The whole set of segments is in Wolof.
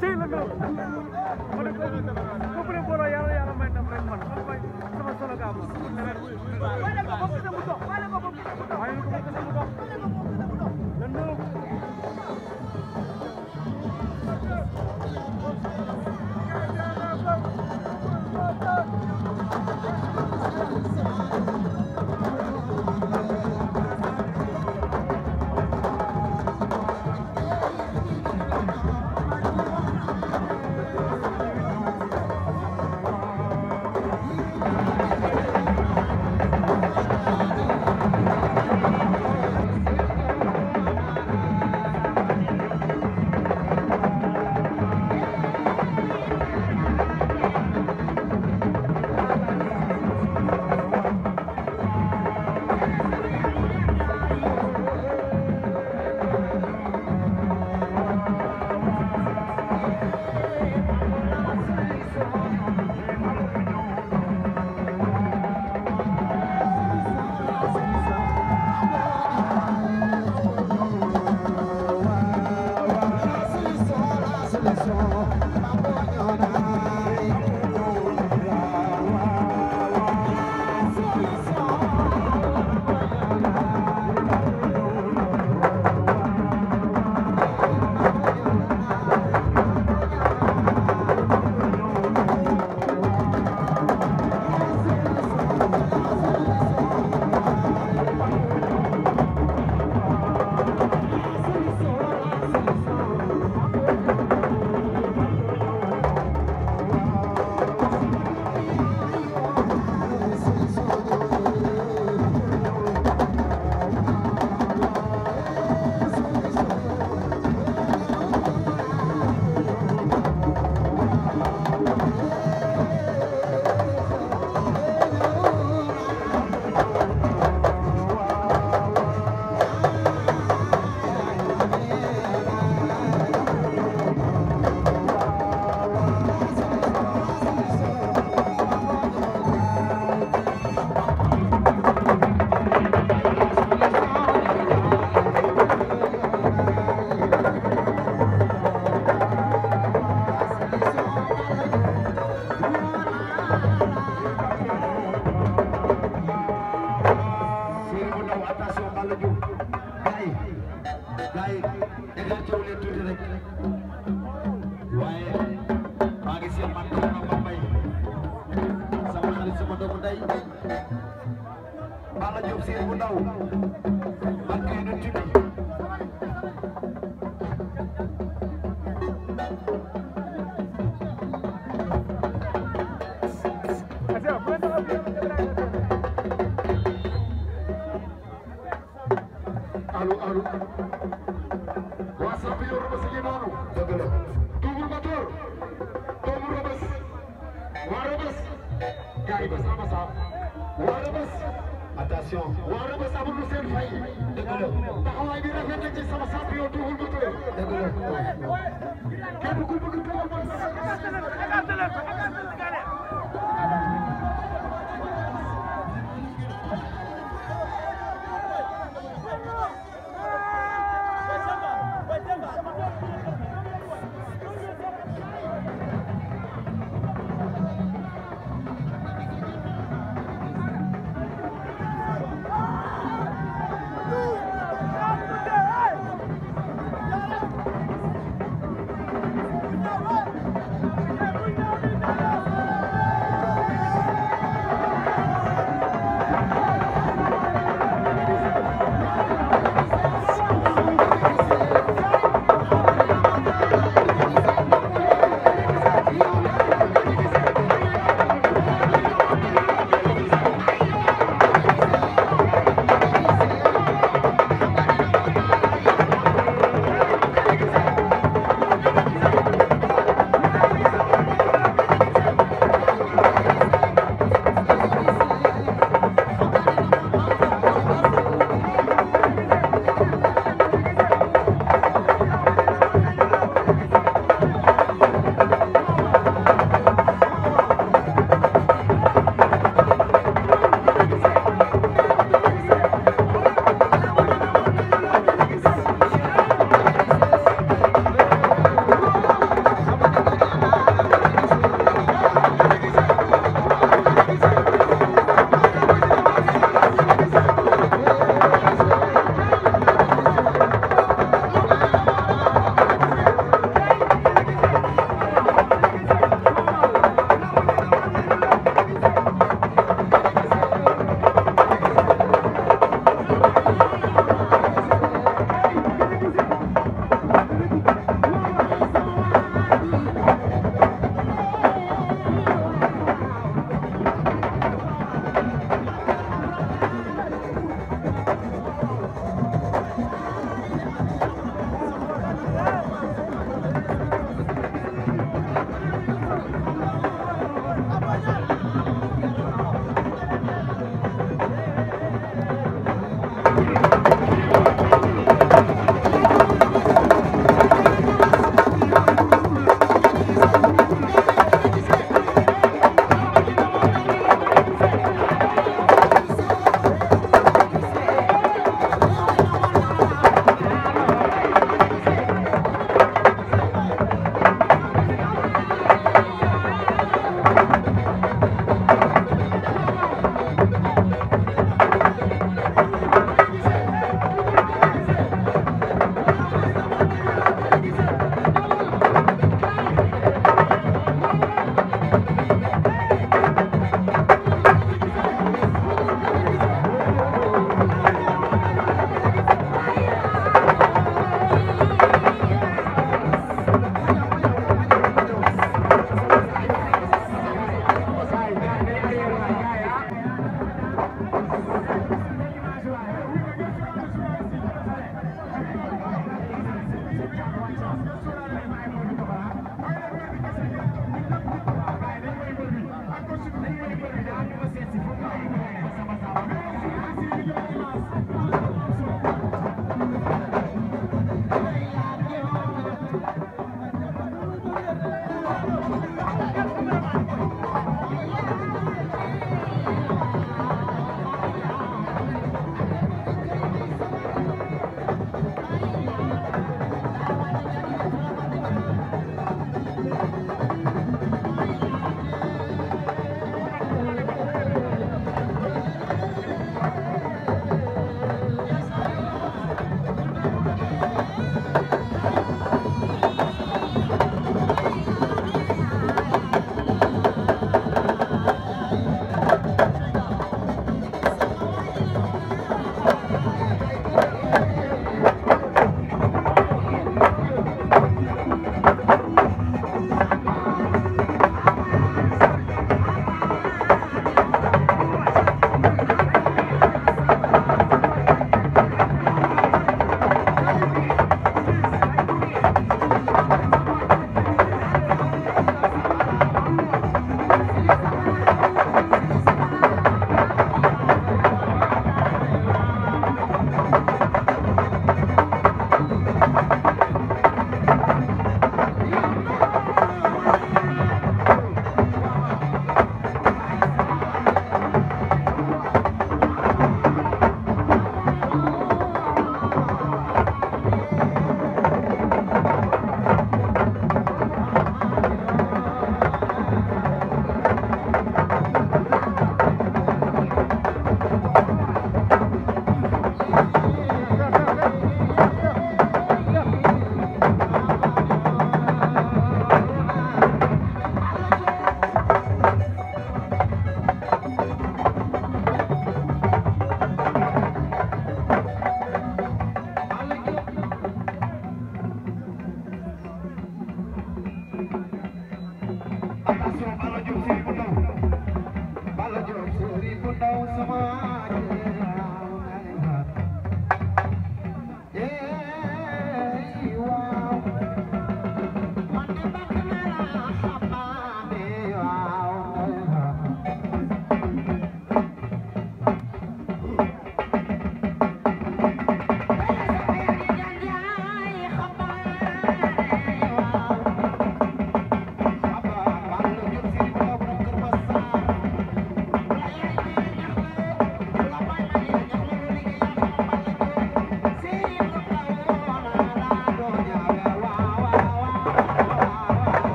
tey la mel ma ne ko bu ne booloo yàlla yàlla may ndam rek man man may sama solo gaa ma waaye ko bokk na mu dox waaye ko bokk na mu dox waaye ko bokk na mu dox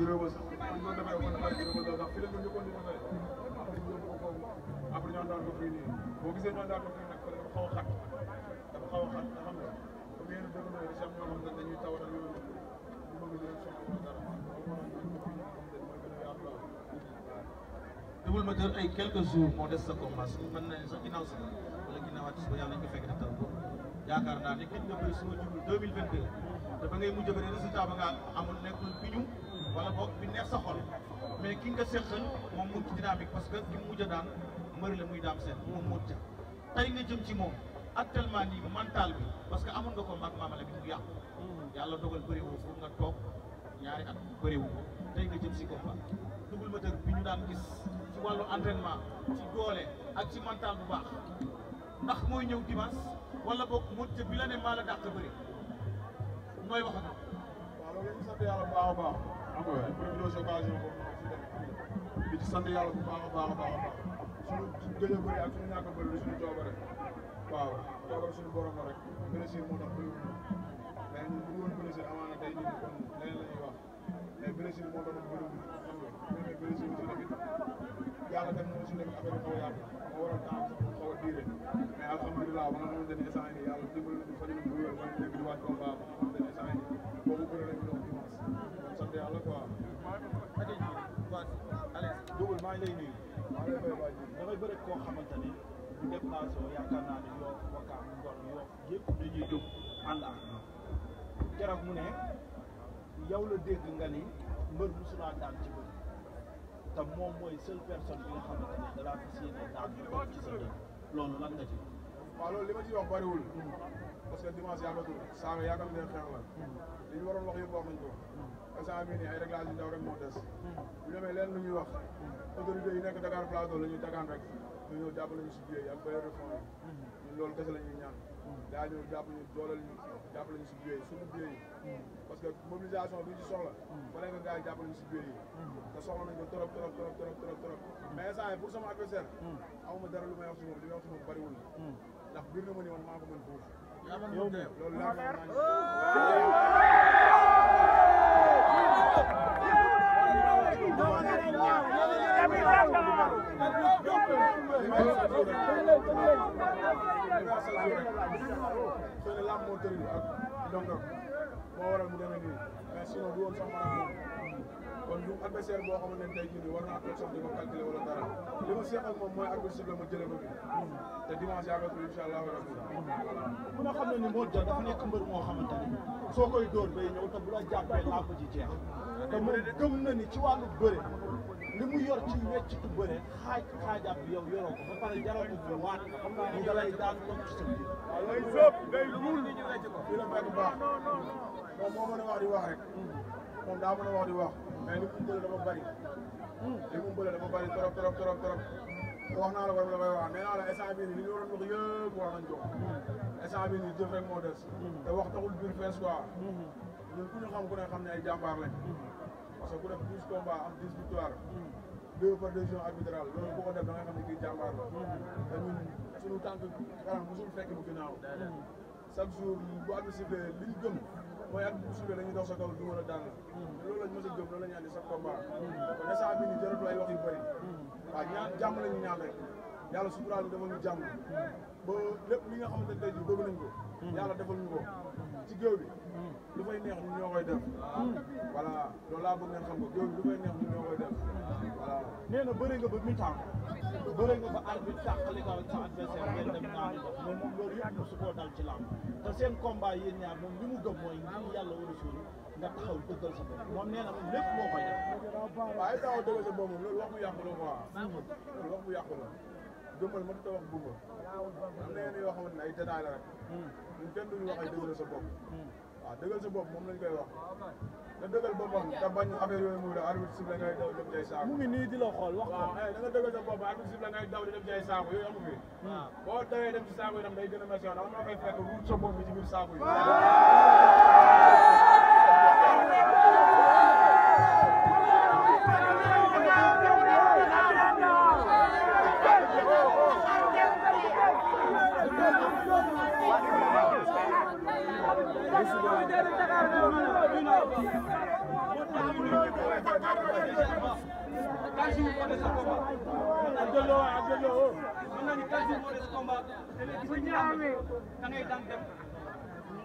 juróoma sax man noonu boo gisee ñoo a xat a xat nga xam ne comme yéen ay quelques jours moo des sa combat su mën nañ sax ginnaaw si wala ginnaawaat si ba yàlla ñu fekk di taw yaakaar naa ne kenn nga bëri suma jublu 2022 te ba ngay mujj ba ne résultat ba nga nekkul bi ñu wala boog bi neex sa xol mais ki nga seqal moom mu ci dynamique parce que li mu mujj a daan mbëri la muy daam seen moom moo ca tey nga jëm ci moom actuellement nii mental bi parce que amoon nga ko mag maamale bi mu yàqu yàlla dogal bëri woo pour nga toog ñaari at bëri ko tey nga jëm si combat double moteur bi ñu daan gis ci wàllu entraînement ci doole ak ci mental bu baax ndax mooy ñëw dimanche wala boog mu ca bi la ne maa la dàq bëri nooy wax ak waaw loolu ñu xam nga profité occasion bi di sant yàlla bu baax a baax a baax a baax suñu gëj a bëri ak suñu ñàkk a bëri suñu coobare waaw coobare suñu borom la rek blessure moo tax bëriwul mais ñun bu woon blessure amaana tey nit ñi kon leneen la ñuy wax mais blessure moo tax bëriwul xam nga mais blessure aussi tamit yàlla def na aussi tamit affaire bi xaw a yàgg moo waral temps xaw a diire mais alhamdulilah ba nga xamante ni déplacé yaakaar naa ne yoo wakaam ngor yoo yëpp dañuy jóg ànd ak keroog mu ne yow la dégg nga ni mbër musulaa daan ci bër te moom mooy seule personne bi nga xamante ne da laa fas yéene daan ci sa loolu lan nga ci waaw loolu li ma ci wax bariwul parce que dimanche yàggatul saame yàggal leen xeex la li ñu waroon wax yëpp wax nañ rek moo des lu ñuy wax autorité yi nekk Dakar Plateau la ñuy dagaan rek ñu ñëw ñu si biir yaa ngi koy répondre ñun loolu kese la ñuy ñaan daa ñëw jàppale ñu doolal si yi suñu biir yi parce que mobilisation bi ñu si soxla bare nga gars yi jàppale ñu si biir yi te soxla nañ ko trop trop trop trop trop dara lu may wax si moom li may wax si moom bariwul ndax biir na ma ni man maa ko mën foofu loolu laa moo waral mu demee nii mais sinon du woon sax maanaam kon du adversaire boo xamante ne tey jii war naa toog li ma seq moom mooy ak bi ma jëlee ko fi te dimanche yaa ngi fi incha allah rabbi ku xam ne ni moo jël dafa nekk mbër moo xamante ne soo koy dóor bay ñëw te bu la jàppee làmb ji jeex te moom gëm na ni ci wàllu bëre li mu yor ci wecc ku bëre xaaj xaajaat bi yow yoroo ko ba pare jaroo ko bu waat ñu dalay daan toog ci sa biir. day sëb day ñuul baax moom moo mën wax di wax rek. Hmm. moom daa mën a wax di wax. mais li mu bëre dafa bari. Hmm. li mu bëre dafa bari trop trop trop trop. wax naa la ko damay wax nee naa la instant bii nii li ñu waroon wax yëpp wax nañ ko. Hmm. instant bii nii jëf wax taxul biir fees quoi. ñun ku ñu xam ku ne xam ne ay jàmbaar lañ. parce que ku def douze combats am dix victoire deux par décision arbitrale loolu boo ko def da xam ne kii jàmbaar la suñu fekk bu ginnaaw chaque jour bu at bi sifflé gëm mooy at bu sifflé dañuy dox sa kaw du war a daan la loolu lañ mos a gëm loolu la ñu sa combat kon instant bii ay wax yu bëri waaw ñaan jàmm lañu ñu ñaan rek yàlla suturaal ñu dafa ñu jàmm ba lépp li nga xam ne tey jii nañ ko yàlla defal ñu ko ci géew bi lu fay neex ñu ñoo koy def voilà loolu laa bëgg bi lu fay neex ñu ñoo koy def voilà nee na bëri nga ba mi-temps bëri nga ba arbitre tàqali ko ak sa adversaire ngeen dem naan ko moom moom loolu yëpp su ci làmb te seen combat yéen ñaar moom li mu gëm mooy ngi yàlla war a suuri nga taxaw dëggal sa bopp moom nee na lépp moo koy def waaye daaw dëggal sa bopp moom loolu wax mu yàqu la quoi loolu wax mu yàqu la jëmbal mënut a wax bëgg am na yenn yoo xamante ne ay détails la rek. Hmm. ñun kenn duñu wax ay dëggal sa bopp. Hmm. waaw dëggal sa bopp moom lañ koy wax. Ah, nga dëggal boppam te bañ affaire yooyu muy la arbitre sifle ngay daw dem jay saako. mu ngi nii di la xool wax waaw eh, da nga dëggal sa bopp arbitre sifle ngay daw di dem jay saako yooyu amu fi. Hmm. boo dawee dem ci saako yi tam day gën a métti sa bopp bi ci biir saako yi. Kaji moo des sa combat ak Jollo waaye ak Jollo woo mën nañu Kaji moo des combat te léegi da ngay daan dem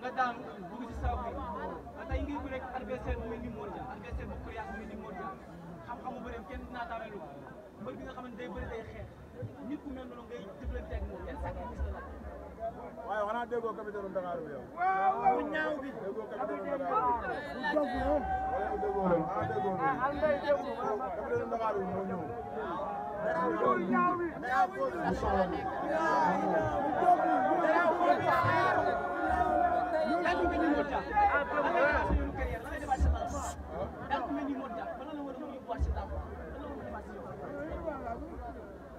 nga daan dugg ci saako yi ba tey ngi bu rek adversaire bu mel ni Modou Dia adversaire bu coriace bu mel ni Modou Dia xam-xamu bëreem kenn dinaa taameelu mbër bi nga xam ne day bëri day xeex nit ku mel noonu ngay jëflante ak moom yan sacrifice la laaj waaye xanaa déggoo capitaine Dakar bi yow. bu ñaaw bi. déggoo capitaine Dakar bi. bu jóg wala bu déggoo rek xanaa déggoo rek. Ah, capitaine Dakar bi moo ñëw. bu soxla bi.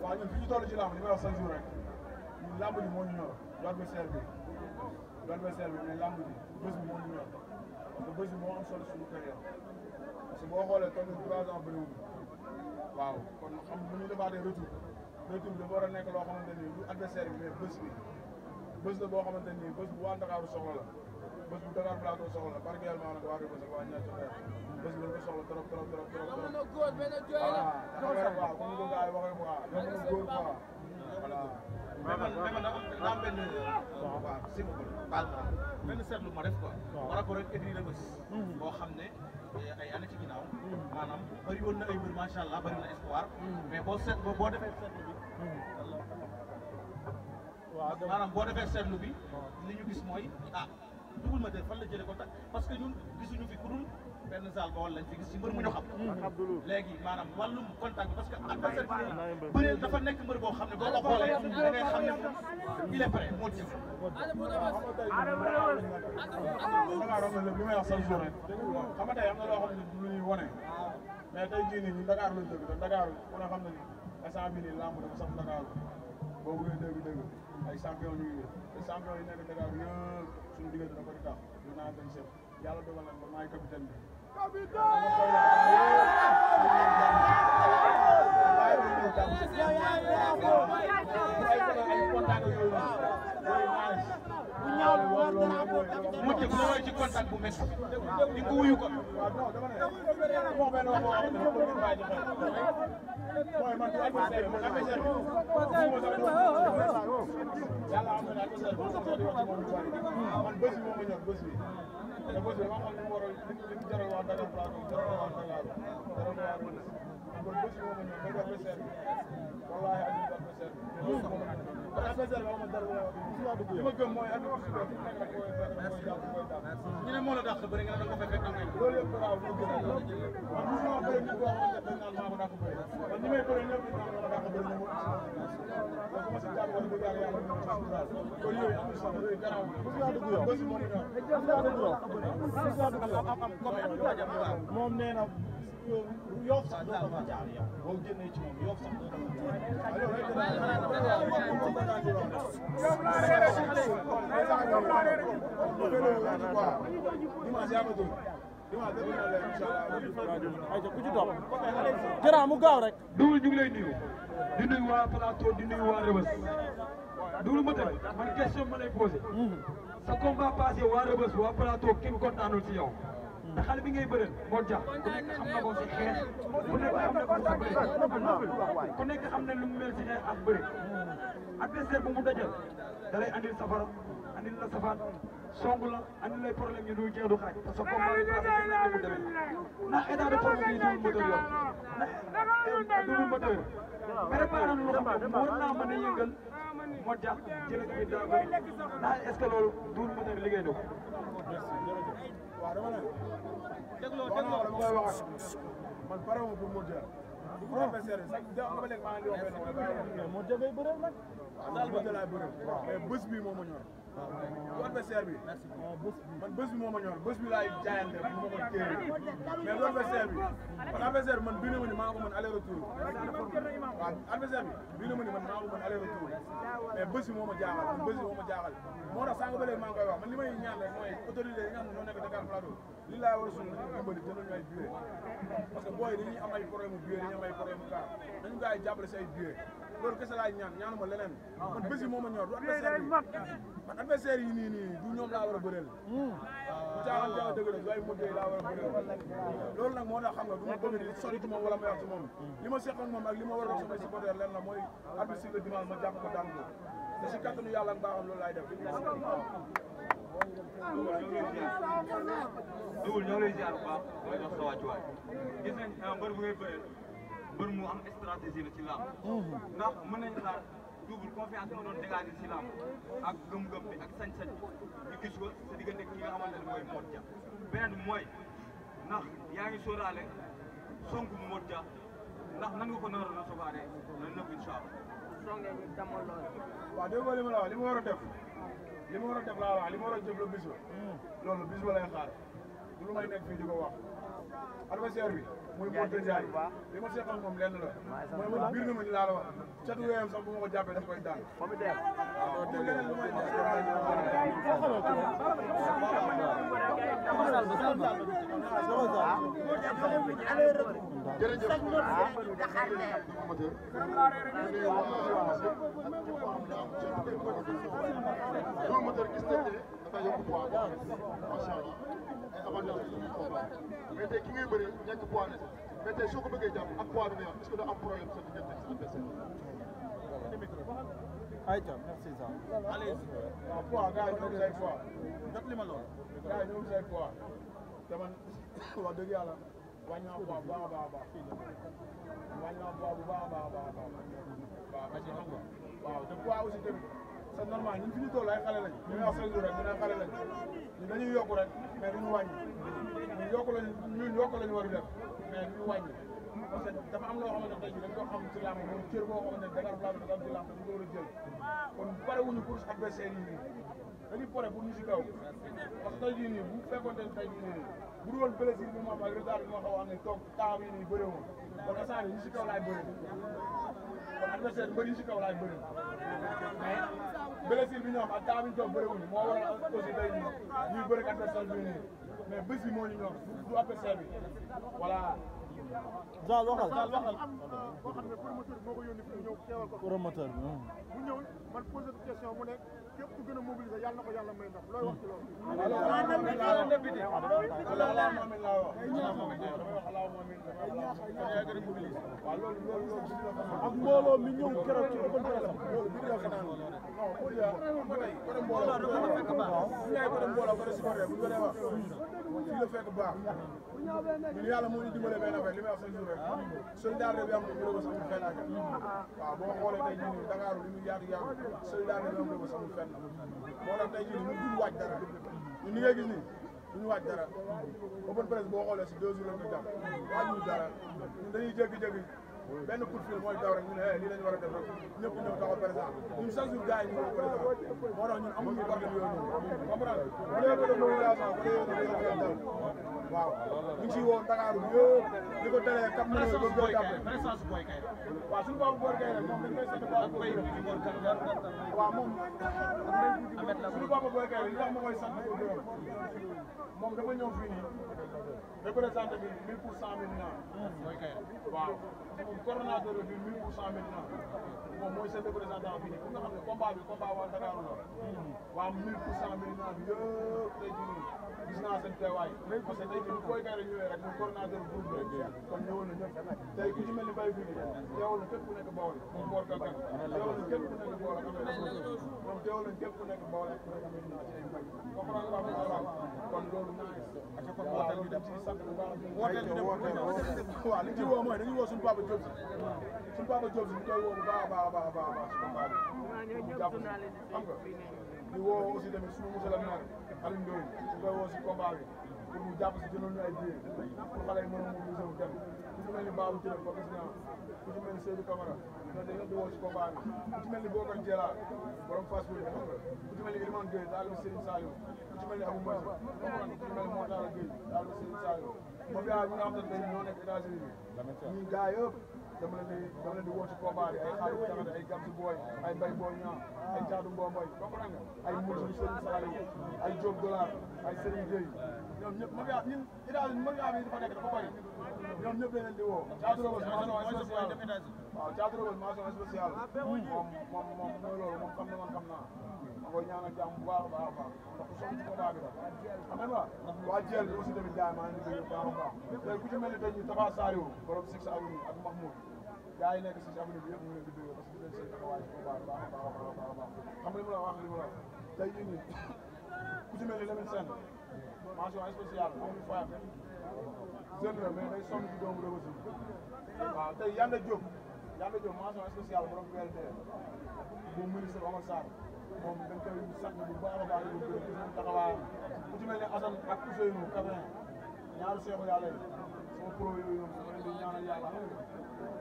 waaw ñun fi ñu toll ci làmb li may wax chaque jour rek làmb ji moo ñu ñor. du adversaire bi du adversaire bi mais làmb ji bés bi moo ñu ñor parce que bés bi moo am solo suñu carrière parce que boo xoolee toog a trois ans bëriwul kon xam bu ñu defaatee retour retour dafa war a nekk loo xamante ni du adversaire bi mais bés bi bés la boo xamante ni bés bu waa Ndakaaru soxla la bés bu Dakar Plateau soxla la particulièrement nag waa Rébeuss waa Niass Jokalante bés bu ko soxla trop trop trop trop. waaw waaw waaw comme ni ko gars yi waxee quoi. waaw mais man mais man daa benn si baal ma benn seetlu ma def quoi. waaw par rapport ak écrit Rebeuss. boo xam ne ay année ci ginnaaw. maanaam bari woon na ay mbir macha allah bëri na espoir. mais boo seet boo defee seetlu bi. waaw maanaam boo defee seetlu bi. li ñu gis mooy ah dugul ma de fan la jëlee ko tax parce que ñun gisuñu fi ku benn saal ba wala lañ fi gis ci mbër mu ñu xam léegi maanaam wàllum contact parce que adversaire bi bëreel dafa nekk mbër boo xam ne boo ko xoolee da ngay xam ne il est prêt moo jëf li may wax chaque jour rek xam nga tey am na loo xam ne du lu ñuy wone mais tey jii nii ñu Dakar lañ dëgg te Dakar ku ne xam ne ni instant bi nii lamb dafa sax Dakar boo bëggee dëgg-dëgg ay champion ñu ngi te champion yi nekk Dakar yëpp suñu diggante dafa di tax ñu naan dañ seet yàlla dogal na ba maay capitaine bi mu jëm la way ci contact bu métti di ko wuyu ko yàlla am na ñu ne moo la dàq bëri nga ne da nga ko fekk moom nee na yow sax doo ko fa jaar yow boo génnee ci moom yow sax doo ko fa jaar Kera mu gaaw rek. Duul ñu ngi lay nuyu. di nuyu waa plateau di nuyu waa Rebeuss. Duul ma tamit man question ma lay posé. sa combat passé waa Rebeuss waa plateau kenn kontaanul ci yow. te xale bi ngay bëreel moo jax ku nekk xam na ko ci xeex ku xam na ko ci bëre ku nekk xam na lu mu mel ci xeex ak bëre adversaire bu mu dajal da lay andil safara andil la safaan. song la andi lay problème ñu dul du xaaj parce que combat bi passé gis nañ ko demee ndax état de forme bi dugul moteur yoon ndax dugul moteur préparé a yëngal moo jàpp jëlee liggéey na ko. dégloo dégloo man pare wu pour moteur. waaw waaw adversaire bi. merci oh, man bés bi moo ma ñor bés bi laay jaayante man ma ko bi man adversaire bi man bii na ma ni maa ko mën aller retour. waaw adversaire bi bii na mën aller retour ah, mais bés bi moo ma jaaxal man ba léegi maa koy wax man li may ñaan rek mooy autorité yi nga xam ne ñoo nekk Dakar war a suñu dimbali jëndoon ñu ay billets parce que booy dañuy am ay problème mu billets dañuy am ay problème mu car dañu gaa yi jàppale loolu kese laay ñaan ñaanu ma leneen ah, man bés yi moo ma ñor du adversaire bi man adversaire yi nii nii du ñoom laa war a bëreel hmm. ah, la caaxaan dëgg la waaye mujjee laa war a bëreel loolu nag moo tax xam nga du ma bëgg di sori ci wala ma wax ci moom hmm. li ma seqoon moom ak li ma war a wax samay supporter lenn la mooy arbitre le dimanche ma jàpp ko daan ko te si kattanu yàlla ak baaxam loolu lay ziar bu baax mooy jox sa wàccuwaay mbër mu am stratégie la ci lamb ndax mën nañu xaar double confiance nga doon dégager ci lamb ak gëm-gëm bi ak sañ-sañ bi ñu gis ko sa diggante ki nga xamante ne mooy Modou Dia beneen bi mooy ndax yaa ngi sóoraale songu Modou Dia ndax nan nga ko nar a recevoir lan la ko incha allah. songe ñu demoon loolu. waaw déggoo li ma la li ma war a def li ma war a def li ma war a jëf la bis mm. xaar. lu may nekk fii di ko wax adversaire bi muy Modou Diagne li ma seqal moom lenn la mooy moom biir na ma ñu laa la wax catu weeyam sax bu ma ko jàppee daf koy daan jërëjëf amateur gis nañ ne dafa yokk poids macha allah taxoon yàlla suñu combat mais tey ki ngay bëri nekk poids ne mais tey soo ko bëggee jàpp ak poids bi nga am est-ce que doo am problème sa diggante sa adversaire ayca merci ça. allez-y. waaw poids gars yi ñoo ngi say poids. jot li ma lool. gars yi ñoo ngi say poids. te man wax dëgg yàlla wàññi naa poids bu baax a baax a baax fii wàññi naa poids bu baax a baax a baax waaw te poids aussi tamit. c' est normal ñun fi ñu toll ay xale lañ ñu wax seen rek ñu ne xale lañ ñu dañuy yokku rek mais duñu wàññi ñun yokku lañ ñun yokku lañ war a ko mais duñu loo xamante ne tey ko xam ci làmb moom cër boo xamante ne da ngaa am ci làmb dañ ko war a jël kon pare wuñu pour adversaire yi nii dañuy pare pour ñu si kaw parce que tey jii nii bu fekkoon ne tey jii nii bu dul woon plaisir bi mu am ak ñu bi ma xaw a am ne toog temps yi nii bëriwul kon ñu si kaw laay bëri kon adversaire ñu si kaw laay bëri blessure bi ñoom ak temps bi ñu toog bëriwuñu moo waral aussi tey ñu ñuy bëri ak adversaire bi nii mais bés bi moo ñu ñor du adversaire bi voilà. Zal waxal Zal waxal. promoteur bi moo ko yónni fi mu mu ñëw man posé question mu nekk. képp ku gën a mobiliser yàlla na ko yàlla may ndax looy wax ci loolu. allahumma amiin laa wax. waaw loolu loolu loolu ak mbooloo mi ñëw keroog ci open presse loolu bi la ko naan non ko ya ba tey ko dem mbooloo do ko fekk baax ngay ko dem mbooloo ko dem supporté bu ko wax fii la fekk baax ñun yàlla moo ñu dimbale benn affaire li may wax sa jour rek solidarité bi am na ñu ko sax mu fenn ak waaw boo xoolee tey ñun Dakar li muy yaatu yaatu solidarité bi am na ko sax mu fenn leneen la moo tax tey jii ñun duñu waaj dara ñun ni ngay gis nii duñu waaj dara open presse boo xoolee si deux jours la ñu jàpp waaj ñu dara ñun dañuy jékki-jékki benn coup de fil mooy daw rek ñu ne lii la ñu war a def rek ñëpp ñëw taxaw président ñun chaque jour gars yi ñu président moo tax ñun amuñu problème yooyu noonu comprendre bu dee côté mobilisation côté yooyu dal waaw ñu ngi ciy woo Dakar yëpp di ko dalee kat mu ne ba présence booy kay waaw suñu baabu booy kay rek moom dañ koy sant baabu booy waaw moom suñu baabu booy kay li tax ma koy sant moom dafa ñëw fii nii représenté bi mille pour cent mille naa waaw di coordonnateur bi mille pour cent maintenant moom mooy seen représentant bi nii ku nga xam ne combat bi combat waa Dakar la waa mille pour cent maintenant bi yëpp tey jii gis naa seen teewaay parce que tey jii bu Boy Kaïré ñëwee rek mu coordonnateur groupe rek kon ñëwoon na ñëpp tey ku ci mel ni Baye Guèye teewal na képp ku nekk Bawol moom Mor Kaka teewal na képp ku nekk Bawol ak moom teewal na képp ku nekk Bawol ak kon loolu ak kon wooteel bi dem ci sant bu baax wooteel bi dem waaw li ci woo mooy dañuy woo suñu papa Diop si suñu papa Diop si ñu koy woo bu baax a baax a baax a baax di woo aussi tamit suñu monsieur le maire Alioune Ndoye ñu koy woo si combat bi pour mu jàpp si jëloon ñu ay biir pour xale yi mën a mobiliser wu dem ku ci mel ni Babou Touré ba gis naa ku ci mel ni Seydou Camara ñooñu dañu di woo si combat bi ku ci mel ni Bokar Diela borom Fass Gueye ku ci mel ni Ilimane Gueye daal di Serigne Saliou ku ci mel ni a Mbaye Mbaye ku ci mel ni Mawta Gueye daal di Serigne Saliou moom yaa ñu nga xam ne dama leen di dama leen di woo ci combat bi ay xaalis taxane ay gamsu booy ay mbay booy ñaa ay jaadu mboombooy comprendre ay mursu Serigne ay Diop dollar ay Serigne Gueye ñoom ñëpp mën ngaa ñun idaal mën ngaa bi dafa nekk dafa bëri ñoom ñëpp leen di woo jaadu robos mention spéciale waaw jaadu robos mention spéciale moom moom moom mooy loolu moom xam na man xam naa ma koy a xam nga waa Thiel aussi tamit gars yi maa ngi leen di baax a baax tey ku ci mel ni tey jii Tafa Saliou borom Six Avenue ak Mahmoud gars yi nekk Six Avenue bi yëpp ñu ngi leen di déglu parce que ñu ngi leen di baax a baax a baax a baax xam nga li ma la wax li ma la wax tey jii nii ku ci mel ni Lamine Sène mention spéciale amul fayam jeune la mais day sonn moom dañ koy sant bu baax a baax di ko gërëm moom taxawaayam ku ci mel ne Assane ak Ousseynou Kabin ñaari seexu yàlla yi sama pro yooyu ñoom dama leen di ñaanal yàlla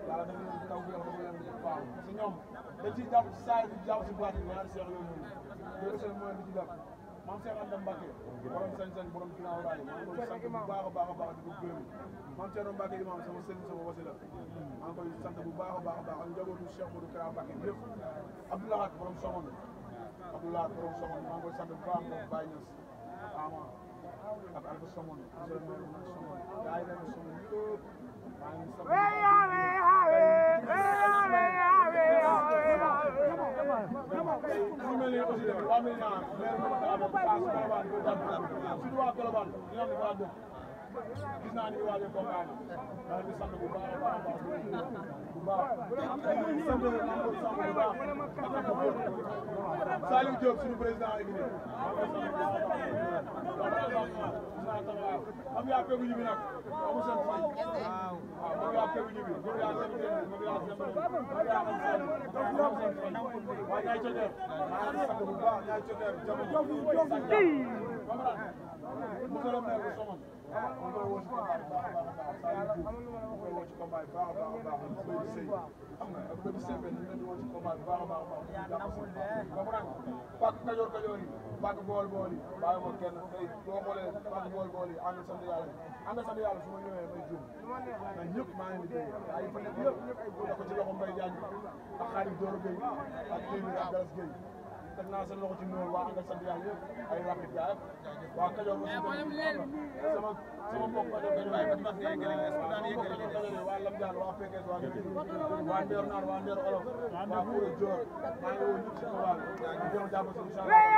yàlla dafa leen di taw bi dafa leen di baax parce que ñoom dañ ciy jàpp ci saa yi di jàpp si baat yi ñaari seex yooyu ñoom loolu seen moyen di ci def maam Cheikh Anta Mbacke borom sañ-sañ borom ginnaaw raay maa ngi koy sant bu baax a baax a baax di ko gërëm maam Cheikh Mbacke imaam sama sëriñ sama wasila maa ngi koy sant bu baax a baax a baax ak njabootu Cheikh Modou Kara Mbacke yëpp Abdoulahat borom Somone Abdoulaye borom Somone maa ngi koy sant bu baax moom Baye Niass Ama ak Alpha Somone monsieur le maire Moussa Somone gars yi dañoo Somone yëpp maa ngi sant ñu mel ni aussi tamit waa Médina maire Mamadou Abou Fass Colobane surtout waa Colobane ñu am waa dëkk gis naa ni waajal combat bi maa ngi sant bu baax a baax bu baax sant bu baax Saliou Diop suñu président ak ñi am yaa pegu ñibi nag amu seen fay waaw am yaa pegu ñibi góor yaa seen kenn góor yaa seen góor yaa am seen am seen fay waaw ñaay coteer maa ngi sant bu baax ñaay coteer jamono monsieur le maire bu Somone on koy woo ci combat bi baax baax baax on koy woo ci combat bi baax baax baax bëri sëy xam nga ak bëri sëy benn ñu woo ci combat bi baax baax baax comprendre pàkk kajoor kajoor yi pàkk bool bool yi bàyyi ma kenn tey boo xoolee pàkk bool bool yi ànd sant yàlla ànd sant yàlla su ma ñëwee may jum mais ñëpp maa ngi liggéey ay fa nekk yëpp ñëpp ay ko ci loxo mbay jàng ak xaalis Doro Gueye ak Téeméer ak Galas Gueye teg naa seen loxo ci nuyu waa nga sant yàlla yëpp ay rapide yaa yëpp waa Kajoor aussi sama sama mbokk Kajoor Kajoor waa Lam Dial waa Pekes waa waa Ndeer Naar waa Ndeer Olof waa Kuure Joor maa ngi woo ñëpp si waa ñu jëm jàpp si incha allah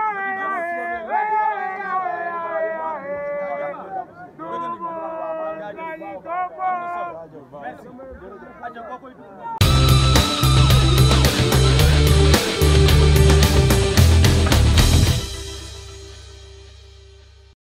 Merci.